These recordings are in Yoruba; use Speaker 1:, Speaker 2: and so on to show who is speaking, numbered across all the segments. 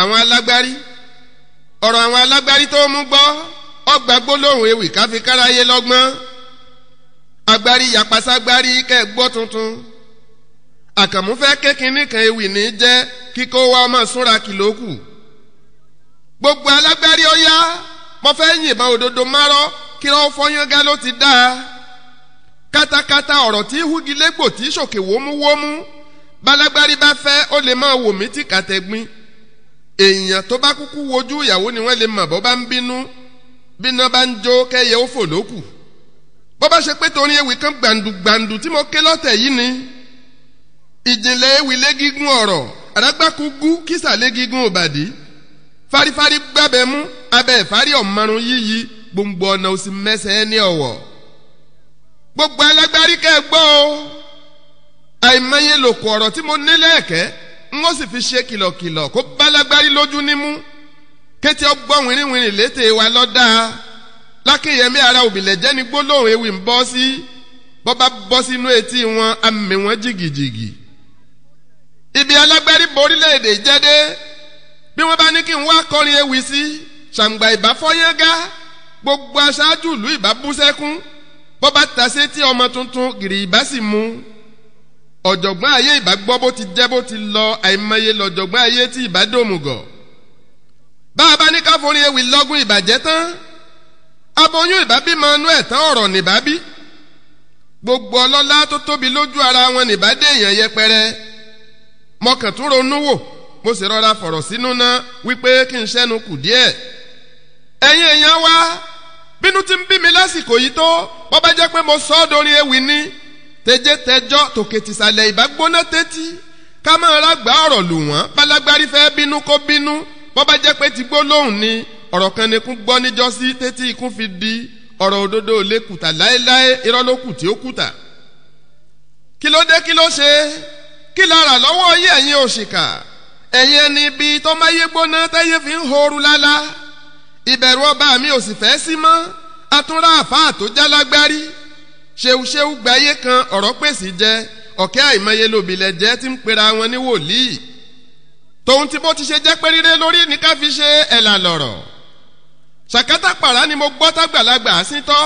Speaker 1: àwọn alágbárí ọ̀rọ̀ àwọn alágbárí tó mú gbọ́ ọgbà gbólóhùn ewì káfí káráyé lọ́gbọ́n agbárí yapaságbárí kẹ́ gbọ́ tuntun àkàmúfẹ́ kékinní kan ewì ní jẹ́ kíkó wa ọmọ súnra kìlókù gbogbo alágbárí ó yá mo fẹ́ yìnbọn òdodo márọ́ kí lọ́ọ́ fọyán gá ló ti dáa kátakátá ọ̀rọ̀ tí húgilégbò tí ṣòkè wómúwómú balagbárí bá fẹ́ ó lè máa wò mí tìkàtẹ́gbin èèyàn tó bá kúkú wojú ìyàwó ni wọ́n lè mọ̀ bó bá ń bínú bíná bá ń jó kẹ́yẹ ó fò lókù bọ́ bá ṣe pé torí ewì kan tí mo ké lọ́tẹ̀ yìí ni ìjìnlẹ̀ ewì ọ̀rọ̀ gú kísà farifari gbábẹ́ mú abẹ́ ọ̀marun yíyí ọ̀nà ní ọ̀wọ̀ gbogbo alágbárí o àìmọye lòkù ọ̀rọ̀ tí mo nílẹ̀ n dárí lójú nímú kété ọgbọ́n wìrìwìrì létè wa lọ́dà lákìyẹmí ara òbílẹ̀ jẹ́ni gbólóhùn ewì ń bọ́ sí bọ́bá bọ́ sínú etí wọn amì wọn jìgìjìgì. ibi alágbárí borílẹ̀-èdè jẹ́dé bí wọ́n bá ní kí n wá kọrin ewì sí ṣàǹgbà ìbáfọ́yánká gbogbo aṣáájú ìlú ìbá bú sẹ́kún bọ́bá tàṣé tí ọmọ tuntun gìrì ìbá sì mú ọ̀jọ̀gbọ́n ayé ìbá gbọ́ bó ti jẹ́ bó ti lọ àìmọye lọ̀jọ̀gbọ́n ayé tí ìbá dòmùgọ̀ bá a bá ní ká forí ewì lọ́gùn ìbàjẹ́ tán aboyún ìbá bímọ inú ẹ̀ tán ọ̀rọ̀ nìbá bí gbogbo ọlọ́lá tó tóbi lójú ara wọn nìbá dé èèyàn yẹpẹrẹ mo kàn tún ronú wò mo sì rọra fọ̀rọ̀ sínú náà wípé kí n ṣẹ́nu kù díẹ̀ ẹ̀yin èèyàn wa bínú ti ń bí mi lásìkò yìí tó bó jẹ́ pé mo sọ ọ́ dorí ewì ni tẹjẹtẹjọ tòkè tìsàlẹ̀ ìbágbóná tẹ́tí ká máa ra gbà ọ̀rọ̀ lù wọ́n bálágbárí fẹ́ bínú kó bínú bọ́bá jẹ́ pé ti gbólóhùn ni ọ̀rọ̀ kan ni kún gbọ́ níjọ́sí tẹ́tí ikún fi di ọ̀rọ̀ òdodo ò lè kùtà láéláé irọ́ ló kù tí ó kùtà. kí ló dé kí ló ṣe kí lára lọ́wọ́ yí ẹ̀yin òṣìkà ẹ̀yin ẹni bíi tọ́máyé gbóná táyé fi ń horu lálá ìbẹ̀rù ọba mi ò sì fẹ́ sí mọ́ atúnra àfáà tó já ṣeuṣeu gbáyé kan ọ̀rọ̀ pèsè jẹ ọ̀kẹ́ àìmọye lòbìlẹ̀ jẹ́ ti ń pera wọn ní wòlíì tòun tí bó ti ṣe jẹ́ pé ríré lórí ní ká fi ṣe ẹ̀là lọ̀rọ̀ ṣàkátà pàrà ni mo gbọ́ tágbàlagbà síntọ́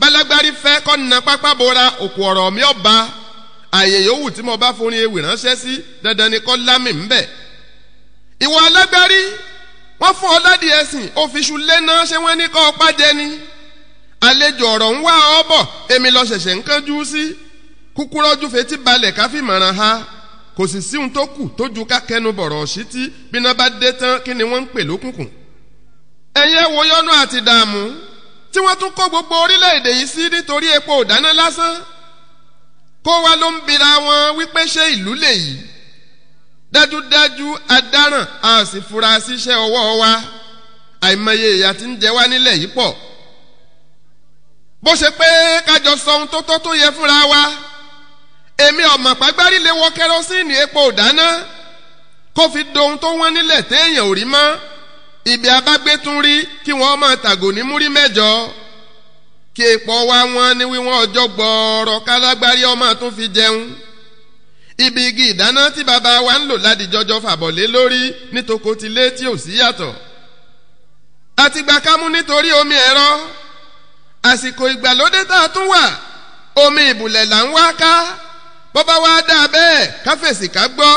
Speaker 1: balagbari fẹ́ kọ́ na pápá bora òkú ọ̀rọ̀ mi ọba àyè yòówù tí mo bá forin ewì ránṣẹ́ sí dandan ni kọ́ lámì ńbẹ̀ ìwọ alágbárí wọ́n fún ọ ládìí ẹ̀sìn ó lẹ́nà ṣé wọ́n ní kọ́ ọ pàjẹ́ ni. Kolami, àlejò ọ̀rọ̀ ń wá ọ bọ̀ èmi lọ ṣẹ̀ṣẹ̀ ń kánjú sí kúkúrọ́jú fetí balẹ̀ káfíìmọ̀ràn ha kò sì síhun tó kù tó ju kákẹnu bọ̀rọ̀ sí tí bíná bá dé tán kí ni wọ́n ń pè lókùnkùn. ẹ̀yẹ wo yọnu àti dààmú tí wọ́n tún kó gbogbo orílẹ̀-èdè yìí sí nítorí epo ìdáná lásán kó wa ló ń bira wọn wípé ṣé ìlú lè yìí dájúdájú adáràn a sì fura síṣẹ́ ọwọ́ wa àìmọye ìyà tí ń jẹ wá nílẹ̀ yìí pọ̀ bó ṣe pé kájọ sọ ohun tó tọ́ tó yẹ fúnra wa èmi ọ̀mọ̀ pàgbárí lè wọ kẹrọsíìnì epo ìdáná kó fi dohun tó wọ́n nílẹ̀ téèyàn ò rí mọ́ ibi abágbé tún rí kí wọ́n máa tàgò ní múrí mẹ́jọ kí epo wa wọn ní wíwọ́n ọjọ́ gbọ́ọ̀rọ̀ kálágbárí ọmọ tún fi jẹun ibi igi ìdáná tí bàbá wa ń lò ládìjọjọ fàbọ̀lé lórí nítòkó ti lé tí ò sí yàtọ̀ àtìgbà kámú nítorí omi ẹ̀rọ àsìkò ìgbàlódé tá a tún wà omi ìbùlẹ̀ là ń wá ká bó bá wá dá a bẹ́ẹ̀ ká fèsì ká gbọ́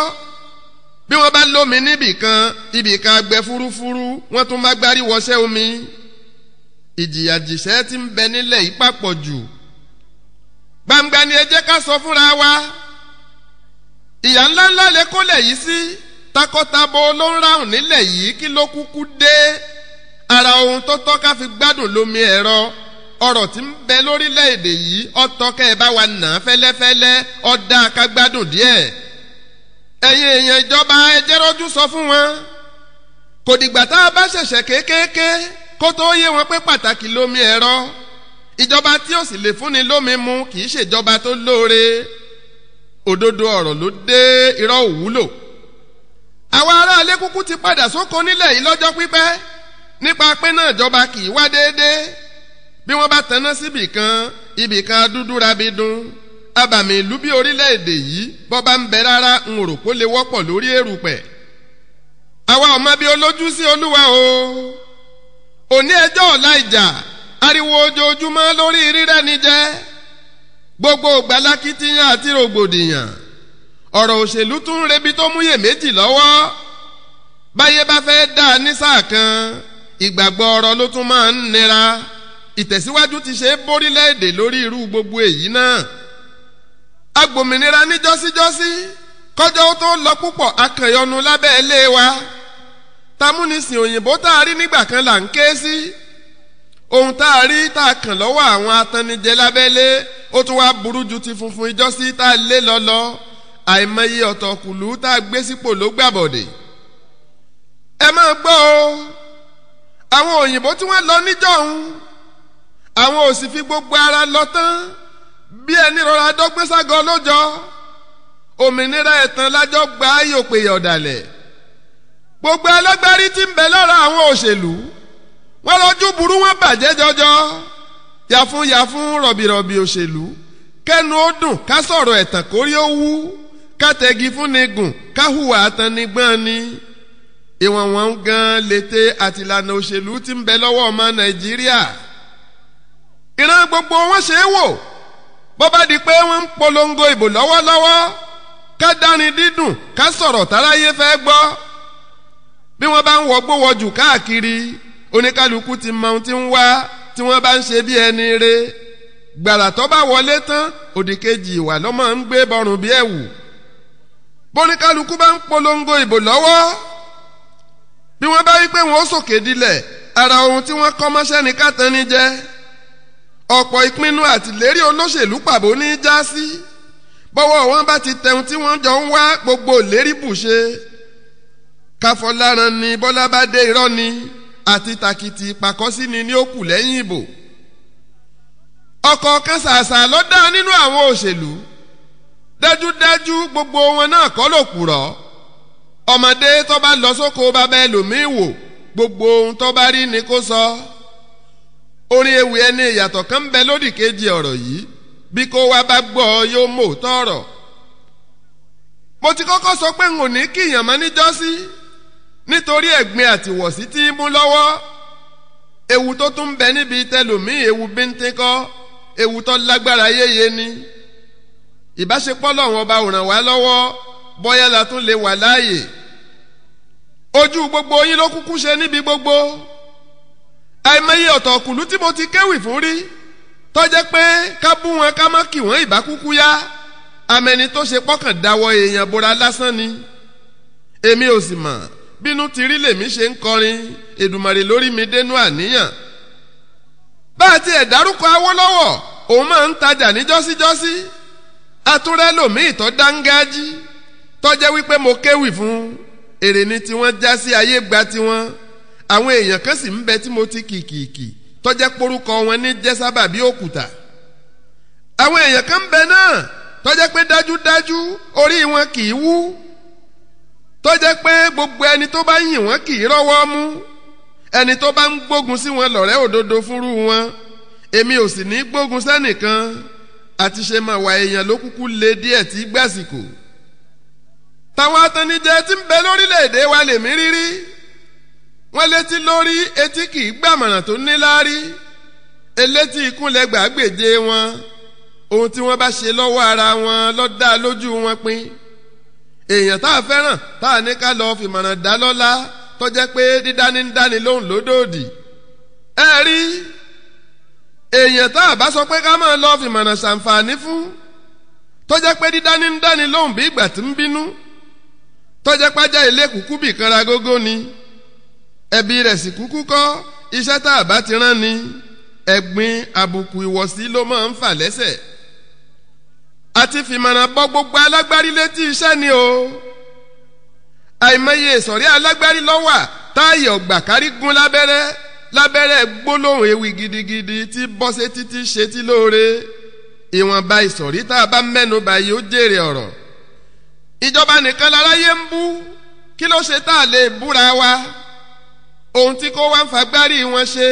Speaker 1: bí wọ́n bá lómi níbìkan ibìkan agbẹ fúrúfúrú wọ́n tún bá gbárí wọṣẹ́ omi ìjìyàjìṣẹ́ ti ń bẹ nílẹ̀ yìí pàpọ̀ jù gbangba ni ẹ jẹ́ ká sọ fúnra wa ìyà ńláńlá lè kólẹ̀ yìí sí takọtabo ló ń ráhùn nílẹ̀ yìí kí ló kúkú dé ara ohun tó tọ́ ká fi gbádùn lómi ẹ̀rọ ọ̀rọ̀ tí ń bẹ lórílẹ̀‐èdè yìí ọ̀tọ́ kẹ́ ẹ bá wa nà án fẹ́lẹ́fẹ́lẹ́ ọ̀dà kagbádùn díẹ̀ ẹ̀yin èèyàn ìjọba ẹjẹ́ rọ́jú sọ fún wọn kò dìgbà tá a bá ṣẹ̀ṣẹ̀ kéékèèké kó tó yé wọn pé pàtàkì lómi ẹ̀rọ ìjọba tí ó sì lè fúnni lómi mu kì í ṣèjọba tó lóore òdodo ọ̀rọ̀ ló dé irọ́ òwúlò àwọn aráalé kúkú ti padà sóko nílẹ̀ yìí lọ́jọ́ pípẹ́ nípa pé náà ìjọba kì í wá déédéé bí wọ́n bá tanná síbì kan ibì kan dúdú rabi dun abàmì ìlú bí orílẹ̀-èdè yìí bọ́ bá ń bẹ rárá ń rò kó lè wọ́pọ̀ lórí èrùpẹ̀. àwa ọ̀ma bíi olójú sí olúwa o òní ẹjọ́ ọ̀la ìjà ariwo ojoojúmọ́ lórí rírẹ́ ni jẹ́ gbogbo ìgbàlákìtìyàn àti rògbòdìyàn ọ̀rọ̀ òṣèlú tún ń rebi tó múyè méjì lọ́wọ́ báyé bá fẹ́ dá a ní sáà kan ìgbàgbọ́ ọ̀rọ̀ ló tún máa ń nira ìtẹ̀síwájú ti ṣe é bórílẹ̀-èdè lórí irú gbogbo èyí náà agbòmìnira ní jọ́síjọ́sí kọjọ́ tó lọ púpọ̀ akànyọnu lábẹ́ ilé wa tamúnisìn òyìnbó tá a rí nígbà kan là ń ké sí ohun tá a rí tá a kàn lọ́wọ́ àwọn atanijẹ lábẹ́lé ó tún wá burú ju ti funfun ìjọ́sí tá a lé lọ́lọ́ àìmọye ọ̀tọ̀kùlú tá a gbé sípò ló gbàbọ̀dẹ̀ ẹ máa gbọ́ o àwọn òyìnbó tí wọ́n lọ níjọ́hun àwọn ò sì fi gbogbo ara lọ tán bí ẹni rọra dọ́gbọ́n ságọ́ lójọ́ òmìnira ẹ̀tàn lájọ́ gba ayòpè ọ̀dàlẹ̀ gbogbo alágbárí tí ń bẹ lára àwọn òṣèlú wọ́n lọ́jú burú wọ́n bàjẹ́ jọjọ yàfún yàfún rọ̀bìrọ̀bì òṣèlú kẹ́nu ó dùn ká sọ̀rọ̀ ẹ̀tàn kórí ó wú ká tẹ̀gi fún ni gùn ká hùwà àtànigbọ́n ni ìwọ̀n wọn gan lété àtìlànà òṣèlú tí ń bẹ lọ́wọ́ ọmọ Nàìjíríà ìran gbogbo wọn ṣe é wò bó bá di pé wọ́n ń polongo ìbò lọ́wọ́lọ́wọ́ ká dárin dídùn ká sọ̀rọ̀ táráyé fẹ́ gbọ́ bí wọ́n bá ń wọgbó wọjù káàkiri oníkálukú ti mọ ohun tí ń wá tí wọ́n bá ń ṣe bí ẹni re gbàrà tó bá wọlé tán òdìkejì ìwà lọ́mọ ń gbé bọ́rùn bí ẹ̀wù bóníkálukú bá ń polongo ìbò lọ́wọ́ bí wọ́n bá rí pé wọ́n sòkè dilẹ̀ ara ohun tí wọ́n kọ́ mọ́ṣẹ́ ni ká ní jẹ́ ọ̀pọ̀ ìpinnu àtìlérí olóṣèlú pàbó ní í já sí bọ́wọ́ wọn bá ti tẹun tí wọ́n jọ ń wá gbogbo ìlérí bù ṣe káfọláran ni bọ́lá bá dé irọ́ ni àti tàkìtì ìpàkọ́síni ni ó kù lẹ́yìn ìbò ọ̀kọ̀ọ̀kan ṣàṣà ló dá nínú àwọn òṣèlú dájúdájú gbogbo wọn náà kọ́ ló kùrọ̀ ọmọdé tó bá lọ sóko bàbá ẹlòmíì wò gbogbo ohun tó bá rí ni kó sọ. So orin ewì ẹni ìyàtọ̀ kan bẹ lódì kejì ọ̀rọ̀ yìí bí kò wá bá gbọ́ yóò mọ̀ tọ̀rọ̀ mo ti kọ́kọ́ sọ pé n ò ní kíyàn mọ́ níjọ́sí nítorí ẹ̀gbin àtìwọ̀sí tí ń mú lọ́wọ́ ewu tó tún bẹ níbi tẹlòmíì ewu bíntín ewu tó lágbára yéye ni ìbáṣepọ̀ lọ́wọ́n ọba ràn wá lọ́wọ́ bọ́yá la tún lè wà láàyè ojú gbogbo yín ló kúkú ṣe níbi gbogbo àìmọye ọ̀tọ̀ ọ̀kùnlú tí mo ti kéwì fún rí tọ́jẹ́ pé ká bú wọn ká má kì wọ́n ìbákúkú yá amẹni tó ṣe pọ́kàn dáwọ́ èèyàn bora lásán ni èmi ò sì mọ̀ bínú ti rí lèmi ṣe ń kọrin Èdùmàrè lórí mi dénú àníyàn bá a tiẹ̀ dárúkọ Awólọ́wọ̀ òun máa ń tajà ní jọ́síjọ́sí atúrẹ́ lòmíì tó dángájí tọ́jẹ́ wípé mo kéwì fún èrè ni tiwọn já sí ayé gba tiwọn àwọn èèyàn kan sì ń bẹ tí mo ti kìkìkì tọ́jẹ́ porúkọ wọn ní jẹ́ sábàbí òkúta àwọn èèyàn kan ń bẹ náà tọ́jẹ́ pé dájúdájú orí wọn kì í wú tọ́jẹ́ pé gbogbo ẹni tó bá yìn wọ́n kì í rọ́wọ́ mú ẹni tó bá ń gbógun sí wọn lọ̀rẹ́ òdodo fúnrú wọn èmi ò sì ní gbógun sẹ́nìkan àti ṣe máa wà èèyàn ló kúkú le díẹ̀ tí gbàsìkò táwọn atannijẹ tí ń bẹ lórílẹ̀‐èdè wa lèmi rírí wọ́n létí lórí etí kì í gbàmọ̀ràn tó níláárí elétí ikúnlẹ̀ gbàgbèje wọn ohun tí wọ́n bá ṣe lọ́wọ́ ara wọn ló dá lójú wọn pin èèyàn tá a fẹ́ràn tá a ní ká lọ fìmọ̀ràn dá lọ́lá tó jẹ́ pé dídánidáni lóhùn lódòdì ẹ rí èèyàn tá a bá sọ pé ká máa lọ fìmọ̀ràn ṣàǹfààní fún tó jẹ́ pé dídánidáni lóhùn bí ìgbà tí ń bínú tó pé ajá ilé kúkú bì gógó ni ẹbí rẹ̀ sì kúkú kọ́ iṣẹ́ tá a bá ti rán ni ẹ̀gbin àbùkù ìwọ̀sí ló máa ń fà lẹ́sẹ̀ àti fìmọ̀ràn bọ́ gbogbo alágbárí létí iṣẹ́ ni o àìmọye ìsọ̀rí alágbárí lọ́wà táàyè ọ̀gbà kárí gún lábẹ́rẹ́ lábẹ́rẹ́ gbólóhùn ewì gidigidi tí bọ́sẹ̀ títí ṣe tí lóore ìwọ̀nba ìsọ̀rí tá a bá mẹ́nu báyìí ó jèrè ọ̀rọ̀ ìjọba nìkan láráyé ń bú kí ló ṣe tá a lè búra wa ohun tí kò wá ń fagbárí wọn ṣe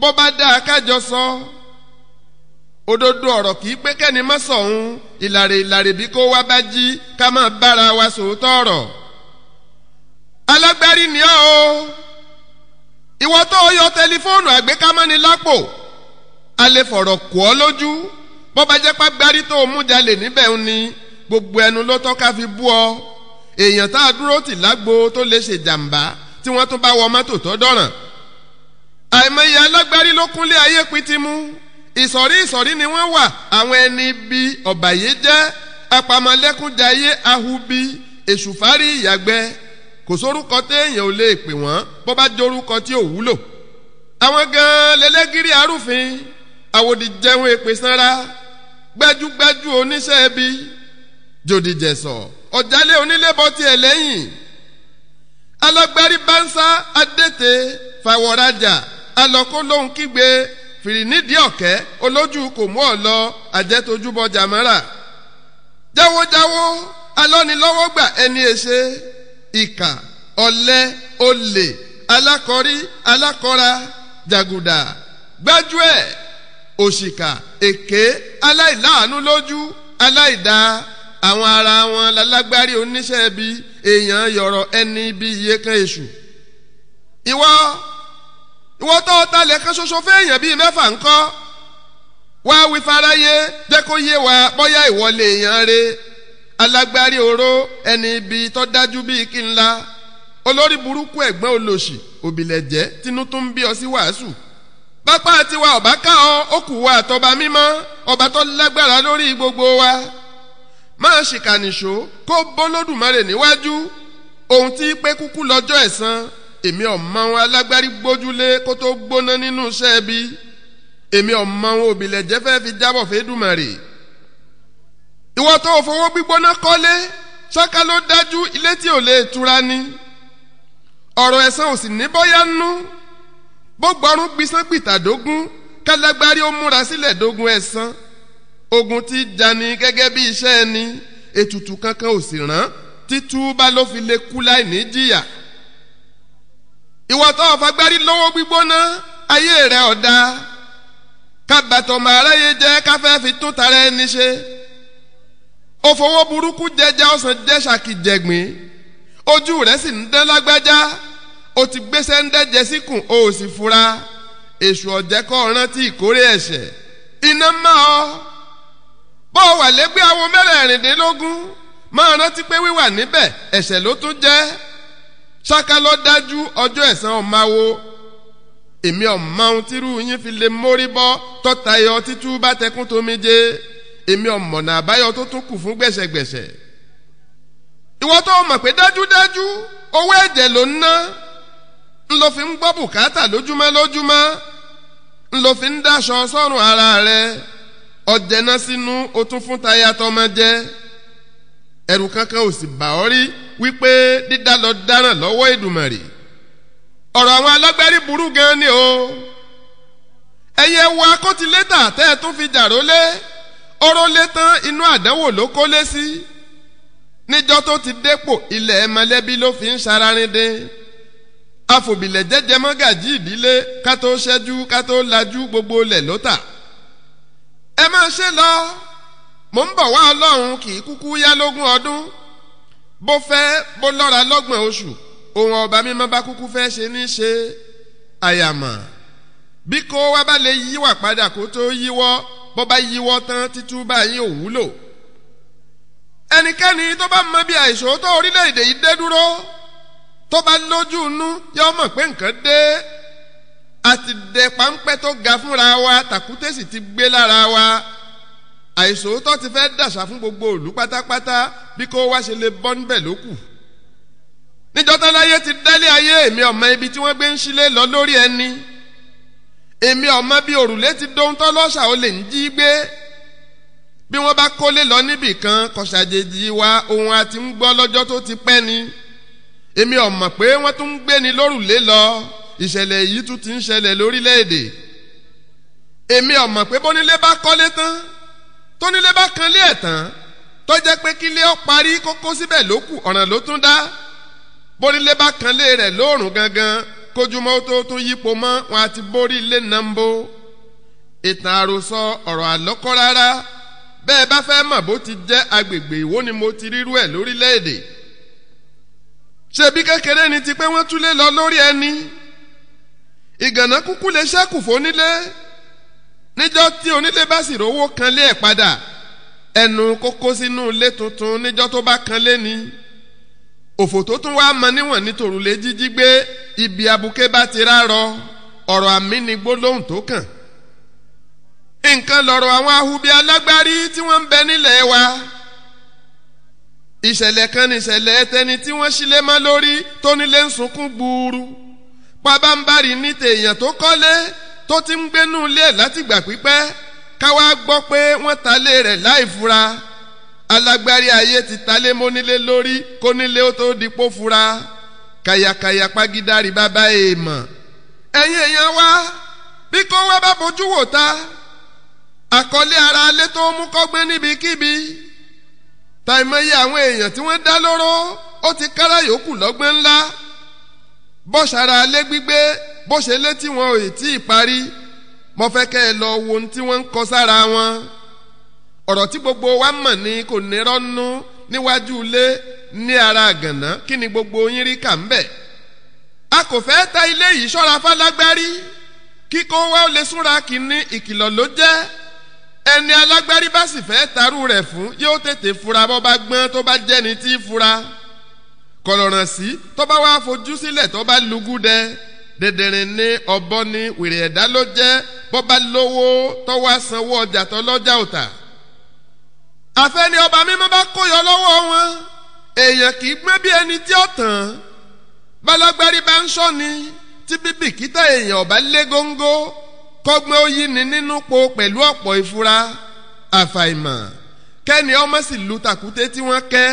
Speaker 1: bó bá dáa kájọ sọ òdodo ọ̀rọ̀ kì í pé kẹ́ni má sọ̀hún ìlàrè ìlàrè bí kò wá bá jí ká máa bára wa sòótọ́ ọ̀rọ̀ alágbárí ni ọ́ o ìwọ tó o yọ tẹlifóònù àgbékámọ́ni lápò fọ̀rọ̀ kù ọ́ lójú bó bá jẹ́ pàgbárí tó o mú jalè níbẹ̀ ń ni gbogbo ẹnu ló ká fi bú ọ èèyàn tá a dúró tì lágbo tó lè ṣèjàmbá tí wọ́n tún bá wọ mọ́tò tó dọ̀ràn. àìmọye alágbárí ló kúnlé ayé pin ìsọ̀rí ìsọ̀rí ni wọ́n wà àwọn ẹni bí ọ̀bàyé jẹ́ apamọ́lẹ́kúnjayé ahubi èṣùfárí ìyàgbẹ́ kò sórúkọ téèyàn ò lè pè wọ́n bó bá jórúkọ tí ò wúlò. àwọn gan-an lẹ́lẹ́gìrì arúfin àwòdìjẹun èpè sanra gbájúgbájú oníṣẹ́ ẹbí jòdìjẹ̀sọ̀ ọ̀jálẹ̀ onílẹ̀bọ̀ tiẹ̀ alọgbẹ́rí bánsá adéte fàwọ̀rajà alọ́kó lóhun kígbe fìrìnídìí ọ̀kẹ́ olójú kò mú ọ lọ àjẹtójúbọ jàmọ́ra jáwójáwó alọ́nilọ́wọ́gbà ẹni èṣe ìkà ọ̀lẹ olè alákọ̀rí alákọ̀ra jàgùdà gbájúẹ̀ òṣìkà èké aláìláàánú lójú aláìdá àwọn ara wọn lálágbárí oníṣẹ́ bíi èèyàn yọ̀rọ̀ ẹni bí iye kan èṣù ìwọ ìwọ tó o talẹ̀ kan ṣoṣo fún èèyàn bíi mẹ́fà ńkọ́ wá wí fáráyé jẹ́ kó yé wa bóyá ìwọlé èèyàn re alágbárí oró ẹni ibi tó dájú bíi kí ńlá olórí burúkú ẹ̀gbọ́n olòṣì òbílẹ̀jẹ́ tinú tó ń bí ọ sí wàásù pápá tiwa ọ̀bá ká ọ ó kù wa àtọba mímọ́ ọba tó lágbára lórí gbogbo wa máa ṣìkà nìṣó kó bọ́lódùmarè níwájú ohun tí pé kúkú lọ́jọ́ ẹ̀san èmi ọ̀mọ wọn alágbárí gbójúlé kó tó gbóná nínú iṣẹ́ bí èmi ọ̀mọ wọn òbílẹ̀ jẹ́ fẹ́ fi jábọ̀ fẹ́dùmarè ìwọ tó fowó gbígbóná kọ́lé ṣáká ló dájú ilé tí ò lè tura ni ọ̀rọ̀ ẹ̀san ò sì ní bọ́yá nú bó gbọ́rún gbisán gbìtàdógún kálágbárí ó múra sílẹ̀ dógún ẹ̀san ogun ti jani gẹ́gẹ́ bí iṣẹ́ ẹni ètùtù kankan ò sì rán títúbà ló fi lè kú láì ní jìyà ìwọ tó ọ̀fagbárí lọ́wọ́ gbígbóná ayé rẹ̀ ọ̀dà kábàtọ̀ mà aráyé jẹ́ káfẹ́ fi tún tara ẹni ṣe òfòwò burúkú jẹjẹ ọ̀sán jẹ́ ṣàkìjẹ̀gbìn ojú rẹ̀ sì ń dán lágbájá o ti gbéṣẹ́ ń dẹ́jẹ́ síkùn o ò sì fura èṣù ọ̀jẹ̀kọ́ rántí ìkórè ẹ̀ṣẹ̀ iná máa ọ́ bó o wà lẹ́gbẹ́ àwọn mẹ́rẹ̀ẹ̀rìndínlógún máa rántí pé wíwà níbẹ̀ ẹ̀ṣẹ̀ ló tún jẹ́ ṣáká ló dájú ọjọ́ ẹ̀san ọ̀ma wo èmi ọ̀ma ohun tírú yín fi lè mórí bọ́ tọ́ta ẹyọ títú bá tẹkún tómi jẹ èmi ọ̀mọ̀nà àbáyọ tó tún kù fún gbẹ̀ṣẹ̀gbẹ̀ṣẹ̀ ìwọ tó mọ̀ pé dájúdájú owó ẹ̀jẹ̀ ló ń ná ń lo fi ń gbọ́ bùkátà lójúmọ́ lójúmọ́ ń lo fi ń dáṣọ sọ́rùn ara rẹ̀ ọ̀jẹ̀ná sínú ó tún fún táyà tọmọ jẹ ẹ̀rù kankan ò sì bà ọ́ rí wípé dídá lọ dáràn lọ́wọ́ Èdùmàrè ọ̀rọ̀ àwọn alágbárí burú gan ni o ẹ̀yẹ wa kọ́tìlétà tẹ́ ẹ tún fi jàró lé ọ̀rọ̀ lé tán inú àdánwò ló kó lé sí níjọ́ tó ti dépò ilẹ̀ mọ̀lẹ́bí ló fi ń dé afòbìlẹ̀ jẹ́jẹ́ mọ́gàjí ìdílé ká tó ṣẹ́jú ká tó lajú gbogbo lẹ̀ ló tà ẹ máa ṣe lọ mò ń bọ̀ wá ọlọ́run kì í kúkú yá lógún ọdún bó fẹ́ bó lọ́ra lọ́gbọ̀n oṣù òun ọba mímọ́ bá kúkú fẹ́ ṣe ní ṣe àyàmọ̀ bí kó wá bá lè yíwà padà kó tó yíwọ́ bó bá yíwọ́ tán títú báyìí ò wúlò ẹnikẹ́ni tó bá mọ bí àìsòótọ́ orílẹ̀-èdè yìí dé dúró tó bá lójú inú yọ mọ̀ pé nǹkan dé àti dẹ páńpẹ́ tó ga fúnra wa tàkúté sì ti gbé lára wa àìsòótọ́ ti fẹ́ dàṣà fún gbogbo òlú pátápátá bí kò wá ṣe lè bọ́ níbẹ̀ ló kù. níjọ́ táláyé ti dálé ayé èmi ọ̀mọ ibi tí wọ́n gbé ń sílé lọ lórí ẹni èmi ọ̀mọ bíi òrùlé ti dóhun tọ́lọ́ṣà ó lè ń jí gbé bí wọ́n bá kólé lọ níbì kan kọ̀ṣàjèjì wa ohun àti ń gbọ́ lọ́jọ́ tó ti pẹ́ ni èmi ọ̀mọ̀ pé wọ́n tún ń gbé ni lórùlé lọ ìṣẹ̀lẹ̀ yìí tún ti ń ṣẹlẹ̀ lórílẹ̀‐èdè èmi ọ̀mọ̀ pé bónílé bá kọ́lé tán tónílé bá kanlé ẹ̀ tán tó jẹ́ pé kílé ó parí kókó síbẹ̀ ló kù ọ̀ràn ló tún dá bónílé bá kanlé rẹ̀ lóòrùn gangan kójúmọ́ tó tún yípo mọ́ wọn àti borí ilé nàmbó ìtàn àròsọ ọ̀rọ̀ àlọ́kọ́ rárá bẹ́ẹ̀ bá fẹ́ mọ̀ bó ti jẹ́ agbègbè ìwó ni mo ti rírú ẹ̀ lórílẹ̀‐èdè ṣebí kékeré ni ti pé wọ́n túlé lọ lórí ẹni. E ìgànná kúkú lè ṣẹ́kù fónílé níjọ́ tí onílé bá sì rówó kanlé ẹ̀ padà ẹnu kókó sínú ilé tuntun níjọ́ tó bá kanlé ni òfò tó tún wá mọ níwọ̀n nítorùlé jíjí gbé ibi abuké bá ti rárọ ọ̀rọ̀ àmì ni gbólóhùn tó kàn nǹkan lọ̀rọ̀ àwọn ahubi alágbárí tí wọ́n ń bẹ nílẹ̀ wa ìṣẹ̀lẹ̀ kan ní ìṣẹ̀lẹ̀ ẹtẹni tí wọ́n ṣílẹ̀ mọ́ lórí tónílé ń sunkún gbúurú pabambari ní tèèyàn tó kọ́lé tó ti ń gbénú ilé látìgbà pípẹ́ káwá gbọ́ pé wọ́n talé rẹ̀ láì fura alágbárí ayé ti talé mónílé lórí kónílé ó tó dipò fura kàyàkàyà pagídárì bàbá èèmọ̀ ẹ̀yin èèyàn wá bí kò wá bá fojú wò ta àkọlé ara alé tó mú kọ́gbé níbikíbi tàìmọye àwọn èèyàn tí wọ́n dá lóró ó ti kára yòókù lọ́gbẹ́ ńlá bó ṣara alé gbígbé bó ṣe létí wọn ò tí ì parí mo fẹ́ kẹ́ ẹ lọ wo ohun tí wọ́n ń kọ sára wọn ọ̀rọ̀ tí gbogbo wa mọ̀ ni kò ní rọ́nú níwájú ilé ní ara àgànná kí ni gbogbo yín rí kà ń bẹ̀. a kò fẹ́ ta ilé yìí ṣọ́ra fálágbárí kíkó wa ó lè súnra kínní ìkìlọ̀ ló jẹ́ ẹni alágbárí bá sì fẹ́ tarú rẹ̀ fún yóò tètè fura bó bá gbọ́n tó bá jẹ́ni tí í fura kọlọ̀ràn sí tó bá wá fojú sílẹ̀ tó bá lugúdẹ dẹdẹrin ní ọbọ ní wèrè ẹ̀dá ló jẹ́ bó bá lówó tó wá sanwó ọjà tó lọ́jà òtà. àfẹ́ni ọba mímọ́ bá kóyọ lọ́wọ́ wọn èèyàn kì í gbọ́n bí ẹni tí ó tàn balagbari bá ń sọ́ni tí bíbí kíta èèyàn ọba lé góńgó kọ́gbọ́n ó yí ni nínú po pẹ̀lú ọ̀pọ̀ ìfura àfàìmọ̀ kẹ́ni ọmọ sì lu tàkúté tí wọ́n kẹ́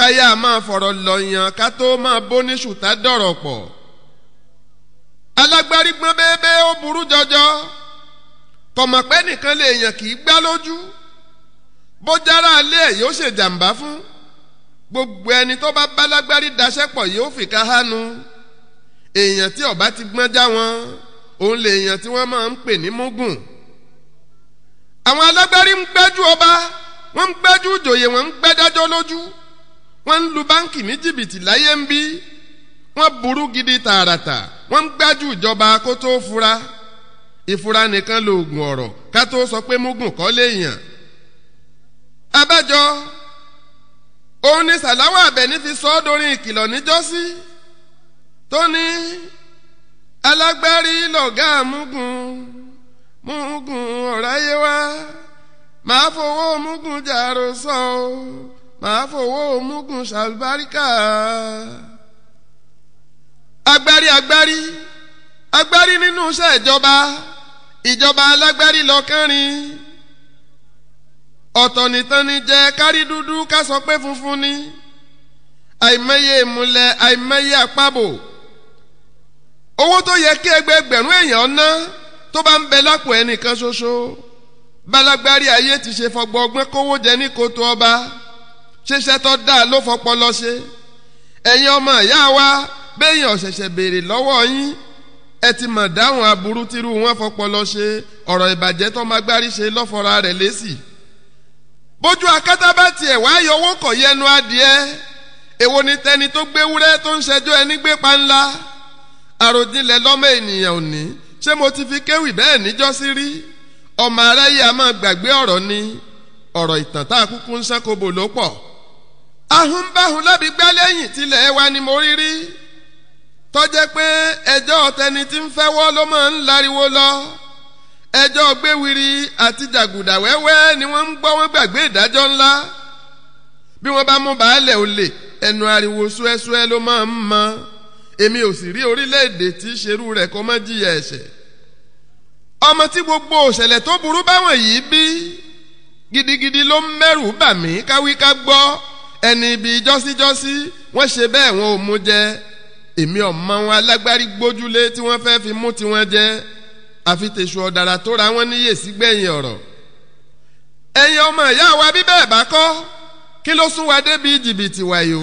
Speaker 1: káyà máa fọ̀rọ̀ lọ̀yàn ká tó máa bóníṣù tá dọ̀rọ̀ pọ̀ alágbárí gbọ́n bẹ́ẹ́bẹ́ ó burú jọjọ kọ̀mọ̀pẹ́ nìkan lè yàn kì í gbá lójú bó jára alẹ́ ẹ̀ yóò ṣèjàmbá fún gbogbo ẹni tó bá bálágbárí daṣẹ́ pọ̀ yóò fìkà hánu èèyàn tí ọba ti gbọ́n já wọn òun lè èèyàn tí wọ́n máa ń pè ní mugun àwọn alágbárí ń gbẹ́jú ọba wọ́n ń gbẹ́jú ìjòyè wọ́n ń gbẹ́dájọ́ lójú wọ́n ń lu báǹkì ní jìbìtì láyé ń bí wọ́n burú gidi tààràtà wọ́n ń gbájú ìjọba kó tó fura ìfura nìkan lòògùn ọ̀rọ̀ ká tó sọ pé múgùn kọ́ léèyàn. abájọ òun ni sàláwà àbẹ̀ní fi sọ ọ́ dorin ìkìlọ̀ níjọ́sí tó ní alágbárí lọ̀gá mugun mugun ọ̀ráyé wá màá fowó múgùn jàrò sọ ọ́. màá fowó mugun sàlùbáríkà agbárí agbárí agbárí nínú iṣẹ́ ìjọba ìjọba alágbárí lọ́kànrin ọ̀tọ̀ nìtàn ni jẹ́ kárí dúdú ká sọ pé funfun ni àìmọye ìmùlẹ̀ àìmọye àpapọ̀ owó tó yẹ kí ẹgbẹẹgbẹ̀rún èèyàn ná tó bá ń bẹ lápò ẹnìkan ṣoṣo balagbárí ayé ti ṣe fọgbọ ọgbọ́n kówó jẹ ní kòtò ọba ṣeṣẹ́ tó dáa ló fọpọlọ ṣe ẹ̀yin ọmọ ìyá wa béèyàn ṣẹ̀ṣẹ̀ béèrè lọ́wọ́ yín ẹ ti mọ̀ dáhùn aburú tírú wọn fọpọlọ ṣe ọ̀rọ̀ ìbàjẹ́ tó máa gbárí ṣe lọ́fọ̀ọ́ra rẹ̀ lésì bójú akátá bá tiẹ̀ wá yọwọ́ kọ̀ yẹnu adìẹ èwo ni tẹni tó gbé wúrẹ́ tó ń ṣẹjọ́ ẹni gbé pa ńlá àròjinlẹ̀ lọ́mọ ènìyàn ò ní ṣé mo ti fi kéwì bẹ́ẹ̀ níjọ́sí rí ọmọ aráyé a máa gbàgbé ọ̀rọ̀ ni ọ̀rọ̀ ìtàn tá a kúkú ń ṣàkóbò ló pọ̀ ahùnbáhùn lọ́bi gbá lẹ́yìn tilẹ̀ wa ni mo rí rí tọ́jẹ́ pé ẹjọ́ ọ̀tẹni tí ń fẹ́wọ́ ló máa ń lariwo lọ ẹjọ́ gbéwiri àti jàgùdà wẹ́wẹ́ ni wọ́n ń gbọ́ wọ́n gbàgbé ìdájọ́ ńlá bí wọ́n bá mú baálẹ̀ olè ẹnu ariwo súẹ́súẹ́ ló máa ń mọ èmi ò sì rí orílẹ̀-èdè tí ṣerú rẹ̀ kọ́ mọ́ jìyà ẹ̀ṣẹ̀ ọmọ tí gbogbo òṣẹ̀lẹ̀ tó burú báwọn yìí bí gidigidi ló ń mẹ́rù bà mí káwí gbọ́ ẹni ibi jọ́síjọ́sí wọ́n ṣe bẹ́ẹ̀ wọn ò mú jẹ èmi ọ̀mọ wọn alágbárí gbójúlé tí wọ́n fẹ́ fi mú tiwọn jẹ àfi tèṣù ọ̀dàrà tó ra wọn níyè sígbẹ̀yìn ọ̀rọ̀ ẹ̀yin ọmọ ìyá wa bí bẹ́ẹ̀ bá kọ́ kí ló sún wa débi jìbìtì wàyò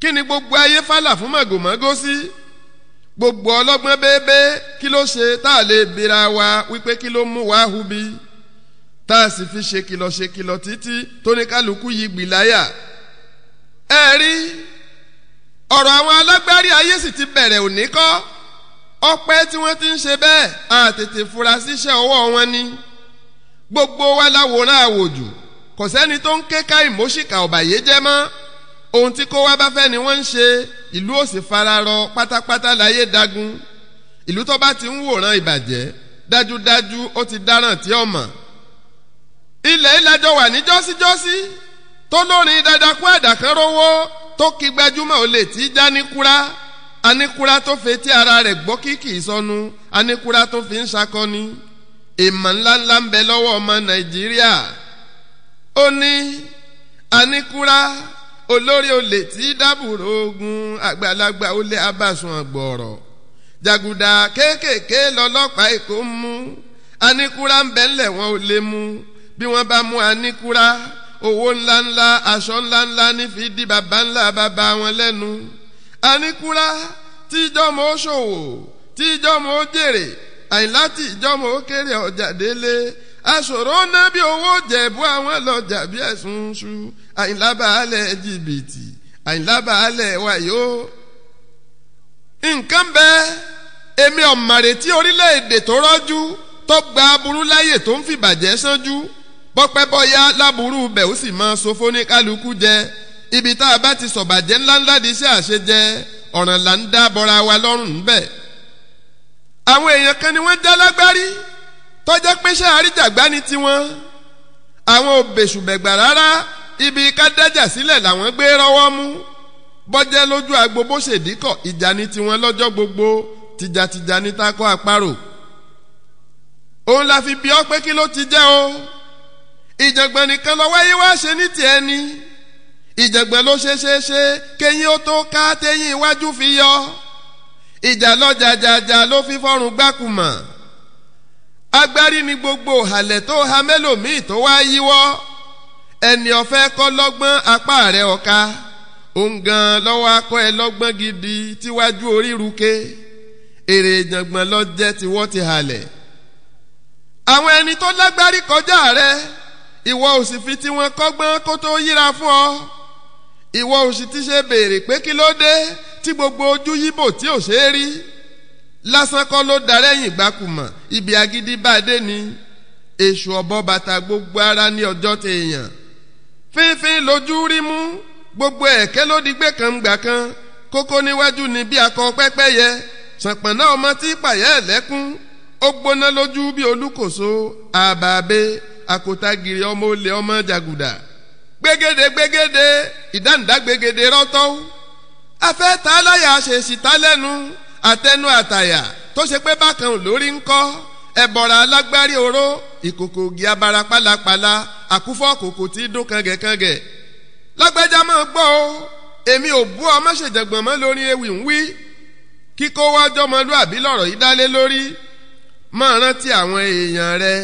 Speaker 1: kí ni gbogbo ayé fálà fún màgòmágó sí gbogbo ọlọ́gbọ́n bébé kí ló ṣe tá a lè bira wa wípé kí ló mú wa hubi tá a sì fi ṣe kìlọ̀ ṣe kìlọ̀ títí tóníkàlùkù yìí gbìláyà ẹ rí ọ̀rọ̀ àwọn alágbárí ayé sì ti bẹ̀rẹ̀ òní kọ́ ọpẹ́ tí wọ́n ti ń ṣe bẹ́ẹ̀ a fura síṣẹ́ ọwọ́ wọn ni gbogbo wa láwòrán àwòjù kò sẹ́ni tó ń ké ká ìmọ̀ṣìkà ọ̀bàyéjẹ́ mọ́ ohun tí kó wá bá fẹ́ ni wọ́n ń ṣe ìlú ò fararọ pátápátá láyé dagun ìlú tó bá ti ń wòran ìbàjẹ́ dájúdájú ó ti dáràn tí ọmọ ilẹ̀ ìlàjọ wà ní jọ́síjọ́sí tó lórí dandan kó ẹ̀dà kan rówó tó kí gbajúmọ̀ ò lè tí já níkúrá aníkúrá tó fetí ara rẹ̀ gbọ́ kí kì í sọnù aníkúrá tó fi ń ṣakọni èèmọ̀ ńláńlá ń bẹ lọ́wọ́ ọmọ nàìjíríà ó ní aníkúrá olórí olè tí dábùrò ogun àgbàlagbà olè abàsùn àgbọ̀rọ̀ jàgùdà kéékèèké lọ́lọ́pàá èkó mú aníkúrá ń bẹ ńlẹ̀ wọn ò lè mú bí wọ́n bá mú aníkúrá owó ńláńlá aṣọ ńláńlá ní fi di bàbá ńlá bàbá wọn lẹ́nu anikura tíjọ́mọ ó ṣòwò tíjọ́mọ ó jèrè àyìnlá tíjọ́mọ ó kéré ọjà délé aṣòro ná bí owó jẹ̀bú àwọn lọ́jà bí ẹ̀sùn ṣu àyìnlá baálẹ̀ jìbìtì àyìnlá baálẹ̀ wàyó. nǹkan bẹ́ẹ̀ èmi ọ̀màrè tí orílẹ̀-èdè tó rọ́jú tó gba aburú láyè tó ń fìbàjẹ́ sánjú bọ́pẹ́ bọ́yá láburú bẹ̀ ó sì máa ṣòfò ní kálukú jẹ ibi tá a bá ti sọ̀bàjẹ́ ńláńlá di iṣẹ́ àṣejẹ ọ̀ràn là ń dá bọ́ra wa lọ́rùn ńbẹ̀. àwọn èèyàn kan ni wọ́n já lágbárí tọ́jẹ́ pé ṣé àríjàgbá ni tiwọn àwọn òbèṣùbẹ̀gbà rárá ibi ká dájà sílẹ̀ làwọn gbé rọ́wọ́ mú bọ́jẹ́ lójú agbo bó ṣèdíkọ̀ ìjà ni tiwọn lọ́jọ́ gbogbo tìjàtìjà ni takọ àparò òun la fi bí ọ pé kí ló ti jẹ́ o ìjàngbọ̀n nìkan lọ́wọ́ yín wá ṣe ní tiẹ̀ ni ìjàngbọ̀n ló ṣe ṣe ṣe kéyín ó tó ká téyín iwájú fi yọ ìjà lọ jàjàjà ló fi fọ́rùn gbákùmọ̀ agbárí ni gbogbo hàlẹ̀ tó ha mélòmíì tó wá yíwọ́ ẹni ọ̀fẹ́ kọ́ lọ́gbọ́n apá rẹ̀ ọ̀ka òun lọ́wọ́ akọ́ ẹ lọ́gbọ́n gidi tíwájú oríruke èrè ìjàngbọ̀n lọ jẹ́ tiwọ́ ti hàlẹ̀ àwọn ẹni tó lágbárí kọjá rẹ̀ ìwọ ò sì fi tiwọn kọ́gbọ́n kó tó yíra fún ọ ìwọ ò sì ti ṣe béèrè pé kí ló dé tí gbogbo ojú yíbò tí ò ṣeé rí lásán kọ́ ló darẹ́yìn ìgbàkùmọ̀ ibi agídí bá dé ni èṣù ọ̀bọ bàtà gbogbo ara ní ọjọ́ tèèyàn fínfín lójú rí mú gbogbo ẹ̀kẹ́ ló digbé kan gbà kan kókó níwájú ni bí akọ pẹ́pẹ́yẹ ṣànpọ̀nná ọmọ tí pàyẹ́ ẹ̀lẹ́kún ó gbóná lójú bí olúkòso àbàbẹ́ akotagiri ọmọ olè ọmọ jaguda gbégede gbégede ìdáǹdá gbégede rọ́tọ́ afẹ́ ta láyà ṣèṣì ta lẹ́nu àtẹnu àtàyà tó ṣe pé bákan lórí ń kọ́ ẹ̀bọ̀rà alágbárí oró ìkòkò ògì abara pálapàla àkúfọ́ kòkò tí dún kàngẹ̀kàngẹ̀ lágbájá máa gbọ́ o èmi ò bú ọmọ ṣèjàngbọ̀n mọ́ lórí ewì ń wí kíkó wájọ́ ọmọlúàbí lọ̀rọ̀ yìí dálé lórí máa rántí àwọn èèyàn rẹ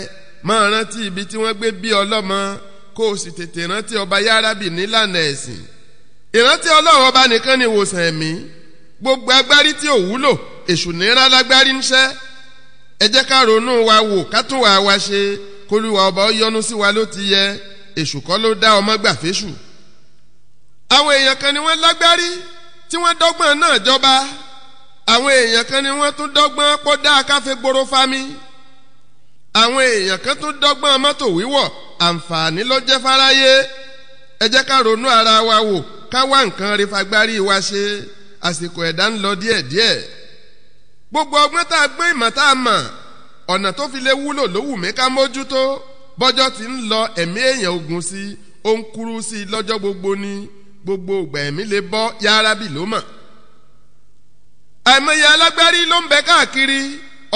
Speaker 1: máa rántí ibi tí wọ́n gbé bí ọlọ́mọ kó o sì tètè rántí ọba yárábì nílànà ẹ̀sìn ìrántí ọlọ́run ọba nìkan ni ìwòsàn ẹ̀mí gbogbo agbárí tí ò wúlò èṣù nira lágbárí ńṣẹ́ ẹ jẹ́ ká ronú wa wò ká tún wàá wa ṣe kólúwa ọba ó yọ́nú sí wa ló ti yẹ èṣù kọ́ ló dá ọmọ gbà fésù. àwọn èèyàn kan ni wọ́n lágbárí tí wọ́n dọ́gbọ́n náà jọba àwọn èèyàn kan ni wọ́n tún dọ́gbọ́n pọ́ dá a káfẹ́ àwọn èèyàn kan tún dọ́gbọ́n mọ́tò wíwọ̀ àǹfààní ló jẹ́ fáráyé ẹ jẹ́ ká ronú ara wa wò ká wá nǹkan rí fagbárí wa ṣe àsìkò ẹ̀dá ń lọ díẹ̀díẹ̀ gbogbo ọgbọ́n tá a gbé ìmọ̀ tá a mọ̀ ọ̀nà tó fi lè wúlò ló wù mí ká mójútó bọ́jọ́ ti ń lọ ẹ̀mí èèyàn ogun sí ó ń kúrú sí i lọ́jọ́ gbogbo ni gbogbo ìgbà ẹ̀mí lè bọ́ yára bì ló mọ̀ àìmọye alágbárí ló ń bẹ káàkiri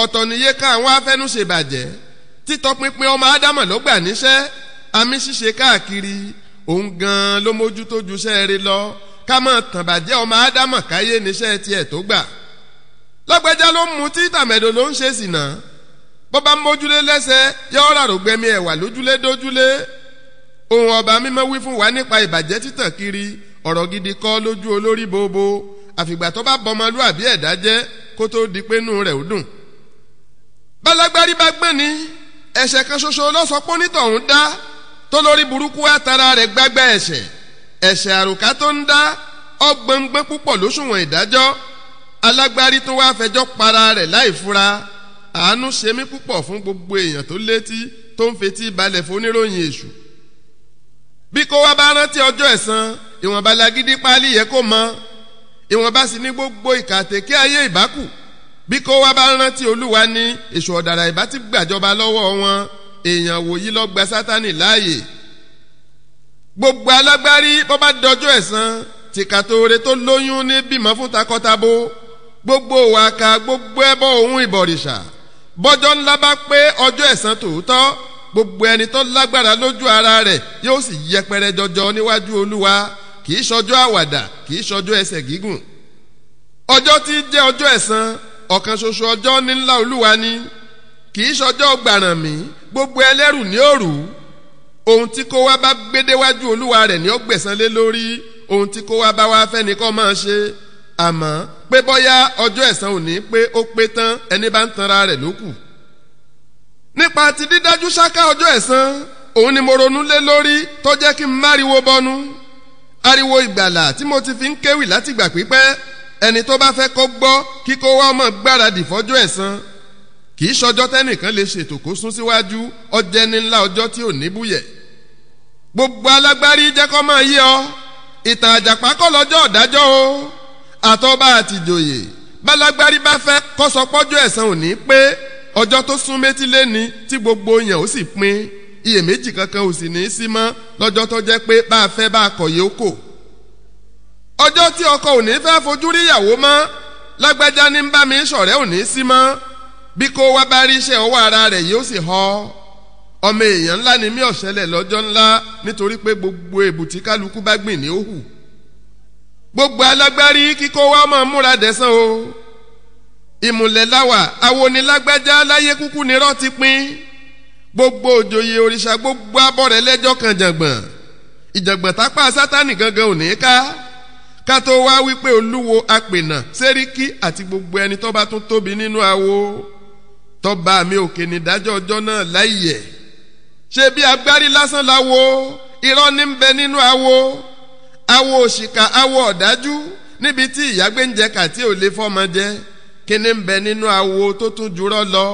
Speaker 1: ọ̀tọ̀ níye ká àwọn afẹnusèbàjẹ́ títọpinpin ọmọ ádámọ̀ ló gbà níṣẹ́ àmì ṣíṣe káàkiri òun gan-an ló mójútó ju sẹ́ẹ̀rẹ́ lọ ká mọ̀ tàn bàjẹ́ ọmọ ádámọ̀ káyé níṣẹ́ tiẹ̀ tó gbà lágbájá ló ń mu tí tàmẹ̀dò ló ń ṣe sìnà bó bá ń mójúlé lẹ́sẹ̀ yọ ràrò gbẹmí ẹ̀wà lójúlé dójúlé ohun ọba mímọ́ wí fún wa nípa ìbàjẹ́ títàn kiri ọ̀rọ̀ gidi kọ́ lójú olórí bòbò àfìgbà tó bá bọmọlúàbí ẹ̀dá jẹ́ kó tó di pé nù rẹ̀ ó dùn balagbari bá gbọ́n ni ẹ̀ṣẹ̀ kan ṣoṣo lọ́sọpọ̀ nítọ̀hún dá tó lórí burúkú àtàrà rẹ̀ gbágbá ẹ̀ṣẹ̀ ẹ̀ṣẹ̀ àròká tó ń dá ọgbọ̀ngbọ́n púpọ̀ lóṣùwọ̀n ìdájọ́ alágbárí tó wá fẹjọ́ para rẹ̀ láì fura àánú ṣe mí púpọ̀ fún gbogbo èèyàn tó létí tó ń fetí balẹ̀ foníròyìn èṣù bí kò wá bá rántí ọjọ́ ẹ̀san ìwọ̀nba lagídí páálí yẹ kó mọ ìwọ̀nba sì ní gbogbo ìkàtẹ́kẹ́ ayé ìbákù bí kó wá bá rántí olúwa ní èṣù ọ̀dàrà ìbá ti gbàjọba lọ́wọ́ wọn èèyàn wòyí lọ gba sátánì láàyè gbogbo alágbárí bó bá dọjọ́ ẹ̀san tìkàtòrè tó lóyún ní bímọ fún takọtabo gbogbo wàkà gbogbo ẹbọ òun ìbọ̀rìṣà bọ́jọ́ ńlá bá pé ọjọ́ ẹ̀san tòótọ́ gbogbo ẹni tó lágbára lójú ara rẹ̀ yóò sì yẹpẹrẹ jọjọ níwájú olúwa kì í ṣọjọ́ àwàdà kì í ṣọjọ́ ẹsẹ̀ gígùn ọjọ́ tí jẹ́ ọjọ́ ẹ̀san ọ̀kan ṣoṣo ọjọ́ ní ńlá olúwa ni kì í ṣọjọ́ gbàràn mí gbogbo ẹlẹ́rù ní òru ohun tí kó wá bá gbédéwájú olúwa rẹ̀ ní ó gbẹ̀san lé lórí ohun tí kó wá bá wá fẹ́ ni kó máa ṣe àmọ́ pé bóyá ọjọ́ ẹ̀san ò ní pé ó pé tán ẹni bá ń tanra rẹ̀ ló nípa ti dídájú ṣáká ọjọ́ ẹ̀san òun ni mo ronú lé lórí tó jẹ́ kí n máriwo bọnu ariwo ìgbàlà tí mo ti fi ń kéwì látìgbà pípẹ́ ẹni tó bá fẹ́ kó gbọ́ kí kó wá ọmọ gbáradì fọ́jọ́ ẹ̀san kì í ṣọjọ́ tẹ́nìkan lè ṣètò kó sún síwájú ọjẹ́ ní ọjọ́ tí ò ní búyẹ̀ gbogbo alágbárí jẹ́ kó máa yé ọ ìtàn àjàpá kọ́ lọ́jọ́ ọ̀dájọ́ o àtọba àtìjòyè bálágbárí bá fẹ́ kó sọ pọ́jọ́ ẹ̀san ò ní pé ọjọ́ tó sún méjì lẹ́ni tí gbogbo yẹn ó sì pin iyèméjì kankan ò sì ní í sí lọ́jọ́ tó jẹ́ pé bá a fẹ́ bá a kọ̀yé ó kò ọjọ́ tí ọkọ ò ní fẹ́ fojú rí ìyàwó mọ́ lágbájá ní bá mi ṣọ̀rẹ́ ò ní sí mọ́ bí kò wá bá rí iṣẹ́ ọwọ́ ara rẹ̀ yóò sì họ ọmọ èèyàn ńlá ni mí ọ̀ṣẹ́lẹ̀ lọ́jọ́ ńlá nítorí pé gbogbo èbù tí kálukú bá gbìn ní ó hù gbogbo alágbárí kíkó wá máa múra dẹ̀sán o ìmùlẹ̀ awonilágbájá láyé kúkú nírọ́ ti pín gbogbo òjòyè òrìṣà gbogbo abọ́rẹ̀ kan jàngbọ̀n ìjàngbọ̀n tápá sátánì gangan ò ní ká ká tó wá wípé olúwo apènà sẹ́ríkì àti gbogbo ẹni tó tóbi nínú awo tọ́ba mi òkè nídájọ́ ọjọ́ náà láìyẹ̀ ṣé bí agbárí lásán la irọ́ ní bẹ nínú awo awo òṣìkà awo ọ̀dájú níbi tí ìyàgbé ń jẹ kàtí ò lè fọ́mọ jẹ kíní bẹ nínú awo tó tún jùrọ lọ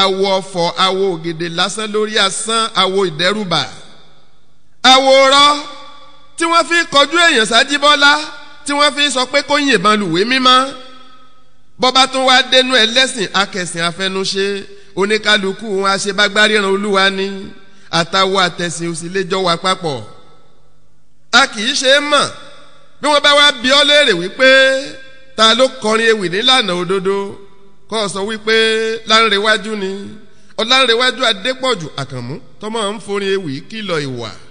Speaker 1: awo ọ̀fọ̀ awo ògèdè lásán lórí asán awo ìdẹ́rùbà awo rọ tí wọ́n fi kọjú èèyàn sájíbọ́lá tí wọ́n fi sọ pé kó yìnbọn lùwé mímọ́ bọ́ba tún wá dénú ẹlẹ́sìn akẹ̀sìn afẹnuṣe oníkálukú wọn aṣebágbáríran olúwa ni àtàwọn àtẹ̀sìn òsì lè jọ wà papọ̀ a kì í ṣe é mọ̀ bí wọ́n bá wá bi ọ́ léèrè wípé ta ló kọrin ewì nílànà òdodo kọ́ ọ sọ wípé Lánrewájú ni Ọlánrewájú Adépọ̀jù Àkànmú tọ́mọ̀ ń forin ewì kìlọ̀ ìwà. E